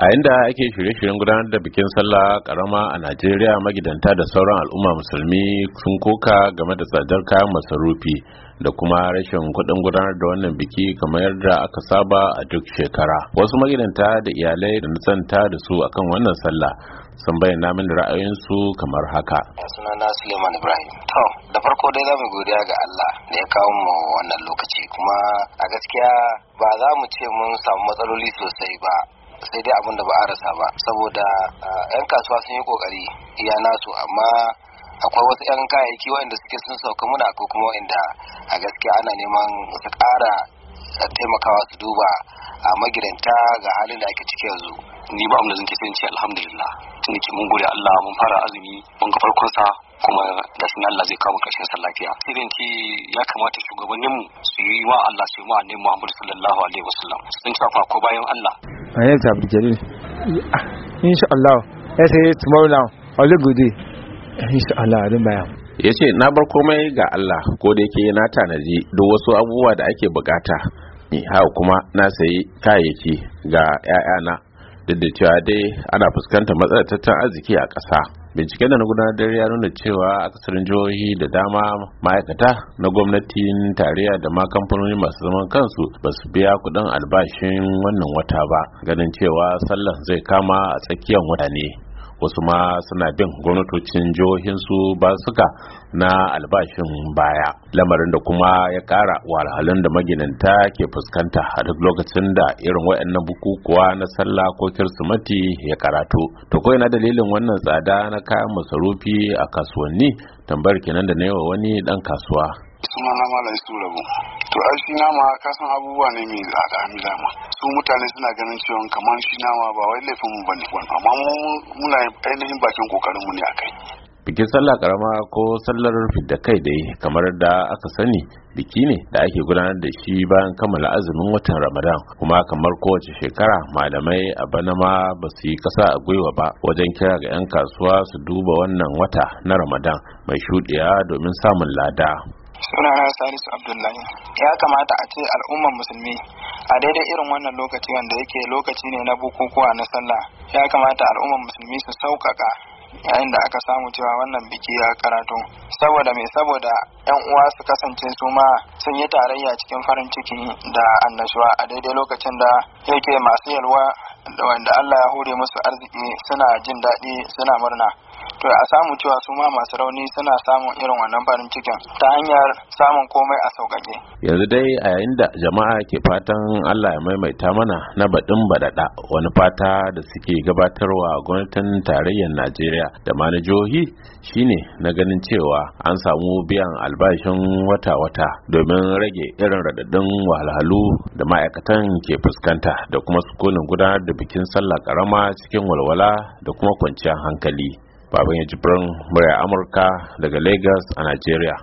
a inda ake shirye-shiryen gudanar da bikin sallah karama a najeriya magidanta da sauran al'umma musulmi sun koka game da tsadar kayan masarufi da kuma rashin kuɗin gudanar da wannan biki kamar yadda aka saba a duk shekara wasu magidanta da iyalai da nisanta da su akan wannan sallah sun bayyana min ra'ayinsu kamar haka sunana suleiman ibrahim to da farko dai za mu godiya ga allah da ya kawo mu wannan lokaci kuma a gaskiya ba za mu ce mun samu matsaloli sosai ba sai dai abin da ba a rasa ba saboda yan eh, kasuwa sun yi kokari iya nasu amma akwai wasu yan kayayyaki waɗanda suke sun sauka muna ko kuma waɗanda a gaskiya ana neman su ƙara eh, taimakawa su duba a magidanta ga halin da ake ciki yanzu ni ba da zan ce sai alhamdulillah tun ki mun gode Allah mun fara azumi mun ga farkon sa kuma da sun Allah zai kawo karshen sa lafiya sai dan ya kamata shugabanninmu su yi wa Allah su yi wa annabi Muhammad sallallahu alaihi wasallam sun ce ko bayan Allah my name is abdul ah, inshallah ya say tomorrow now all good day inshallah don bayan ya ce na bar komai ga Allah ko da yake na tanaji duk wasu abubuwa da ake bukata ha kuma na sayi kayayyaki ga 'ya'yana duk da cewa dai ana fuskantar matsalar tattalin arziki a ƙasa bincike da na gudanar dare ya nuna cewa a kasarin jihohi da dama ma'aikata na gwamnatin tarayya da ma kamfanoni masu zaman kansu ba su biya kudin albashin wannan wata ba ganin cewa sallan zai kama a tsakiyar wata ne wasu ma suna bin gwamnatocin jihohinsu ba suka na albashin baya lamarin da kuma ya kara wahalhalun da maginanta ke fuskanta a duk lokacin da irin waɗannan bukukuwa na sallah ko kirsimati ya karatu to ko yana dalilin wannan tsada na kayan masarufi a kasuwanni tambayar kenan da na yi wa wani dan kasuwa suna na mala rabu to ai shi nama kasan abubuwa ne mai tsada mi dama su mutane suna ganin cewa kamar shi nama ba wai laifin mu bane amma mu muna ainihin bakin kokarin mu ne akai bikin sallah karama ko sallar da kai dai kamar da aka sani biki ne da ake gudanar da shi bayan kammala azumin watan ramadan kuma kamar kowace shekara malamai a bana ma ba su yi kasa a gwiwa ba wajen kira ga 'yan kasuwa su duba wannan wata na ramadan mai shuɗiya domin samun lada sunana salisu abdullahi ya kamata a ce al'ummar musulmi a daidai irin wannan lokaci wanda yake lokaci ne na bukukuwa na sallah ya kamata al'ummar musulmi su sauƙaƙa yayin da aka samu cewa wannan biki ya karatu saboda mai saboda yan uwa su kasance su ma sun yi tarayya cikin farin ciki da annashuwa a daidai lokacin da yake masu yalwa da wanda Allah ya hure musu arziki suna jin daɗi suna murna to a samu cewa su ma masu rauni suna samun irin wannan farin cikin ta hanyar samun komai a sauƙaƙe yanzu dai a yayin da jama'a ke fatan Allah ya maimaita mana na baɗin baɗaɗa wani fata da suke gabatarwa gwamnatin tarayyar Najeriya da ma na jihohi shine na ganin cewa an samu biyan albashin wata-wata domin rage irin raɗaɗin wahalhalu da ma'aikatan ke fuskanta da kuma sukunin gudanar da bikin sallah karama cikin walwala da kuma kwanciyar hankali. baban ya jibrin murya amurka daga lagos a nigeria